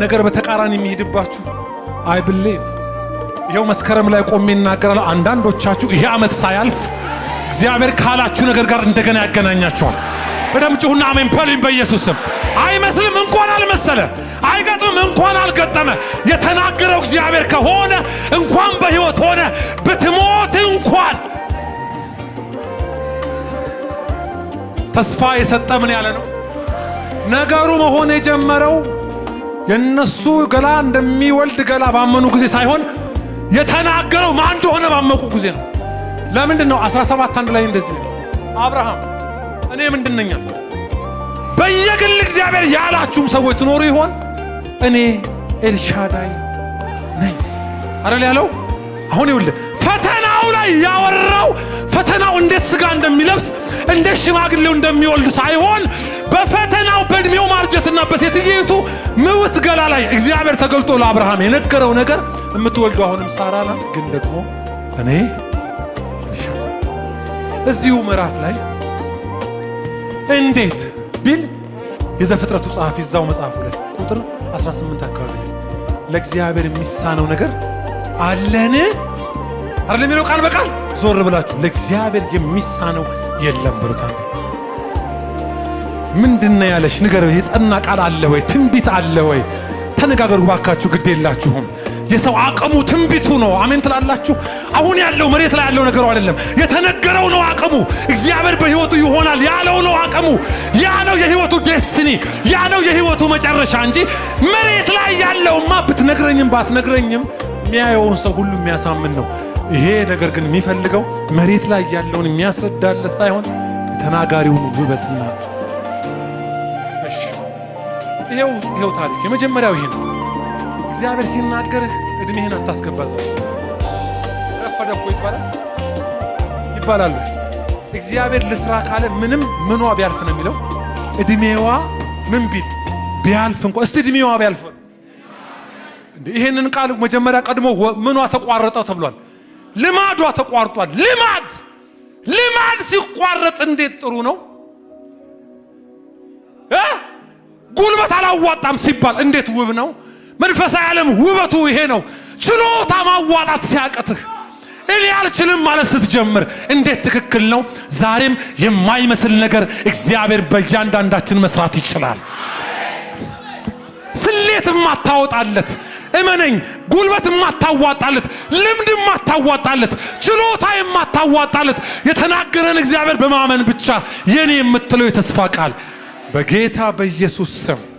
ነገር በተቃራኒ የሚሄድባችሁ አይ ብሌቭ ይኸው መስከረም ላይ ቆሜ እናገራለሁ። አንዳንዶቻችሁ ይሄ ዓመት ሳያልፍ እግዚአብሔር ካላችሁ ነገር ጋር እንደገና ያገናኛችኋል። በደም ጩሁና አሜን በሉኝ። ስም። አይመስልም፣ እንኳን አልመሰለ፣ አይገጥምም፣ እንኳን አልገጠመ። የተናገረው እግዚአብሔር ከሆነ እንኳን በሕይወት ሆነ ብትሞት እንኳን ተስፋ የሰጠ ምን ያለ ነው ነገሩ መሆን የጀመረው የነሱ ገላ እንደሚወልድ ገላ ባመኑ ጊዜ ሳይሆን የተናገረው ማን እንደሆነ ባመቁ ጊዜ ነው። ለምንድን ነው 17 አንድ ላይ እንደዚህ አብርሃም እኔ ምንድነኛ? በየግል እግዚአብሔር ያላችሁም ሰዎች ትኖሩ ይሆን? እኔ ኤልሻዳይ ነኝ አረል ያለው። አሁን ይኸውልህ ፈተናው ላይ ያወራው ፈተናው እንዴት ስጋ እንደሚለብስ እንዴት ሽማግሌው እንደሚወልድ ሳይሆን በፈተናው በእድሜው ማርጀትና በሴትየቱ ላይ እግዚአብሔር ተገልጦ ለአብርሃም የነገረው ነገር የምትወልደው አሁንም ሳራ ናት፣ ግን ደግሞ እኔ እዚሁ ምዕራፍ ላይ እንዴት ቢል የዘፍጥረቱ ጸሐፊ እዛው መጽሐፉ ላይ ቁጥር 18 አካባቢ ላይ ለእግዚአብሔር የሚሳነው ነገር አለን አረ የሚለው ቃል በቃል ዞር ብላችሁ ለእግዚአብሔር የሚሳነው የለም ብሎታል። ምንድነው ያለሽ ንገር የጸና ቃል አለ ወይ ትንቢት አለ ወይ ተነጋገሩ ባካችሁ፣ ግድ የላችሁም። የሰው አቅሙ ትንቢቱ ነው። አሜን ትላላችሁ። አሁን ያለው መሬት ላይ ያለው ነገሩ አይደለም፣ የተነገረው ነው አቅሙ። እግዚአብሔር በህይወቱ ይሆናል ያለው ነው አቅሙ። ያ ነው የህይወቱ ዴስቲኒ፣ ያ ነው የህይወቱ መጨረሻ እንጂ መሬት ላይ ያለውማ ብትነግረኝም ባትነግረኝም የሚያየውን ሰው ሁሉ የሚያሳምን ነው። ይሄ ነገር ግን የሚፈልገው መሬት ላይ ያለውን የሚያስረዳለት ሳይሆን የተናጋሪውን ውበትና ይሄው ይሄው ታሪክ የመጀመሪያው ይሄ ነው። እግዚአብሔር ሲናገርህ እድሜህን አታስገባዘ ረፈደ እኮ ይባላል ይባላሉ። እግዚአብሔር ልስራ ካለ ምንም ምኗ ቢያልፍ ነው የሚለው። እድሜዋ ምን ቢል ቢያልፍ እንኳ እስቲ እድሜዋ ቢያልፍ ይሄንን ቃል መጀመሪያ ቀድሞ ምኗ ተቋረጠ ተብሏል። ልማዷ ተቋርጧል። ልማድ ልማድ ሲቋረጥ እንዴት ጥሩ ነው። ጉልበት አላዋጣም ሲባል እንዴት ውብ ነው! መንፈሳዊ ዓለም ውበቱ ይሄ ነው። ችሎታ ማዋጣት ሲያቅትህ እኔ አልችልም ማለት ስትጀምር እንዴት ትክክል ነው። ዛሬም የማይመስል ነገር እግዚአብሔር በእያንዳንዳችን መስራት ይችላል። ስሌት የማታወጣለት እመነኝ፣ ጉልበት የማታዋጣለት፣ ልምድ የማታዋጣለት፣ ችሎታ የማታዋጣለት የተናገረን እግዚአብሔር በማመን ብቻ የኔ የምትለው የተስፋ ቃል በጌታ በኢየሱስ ስም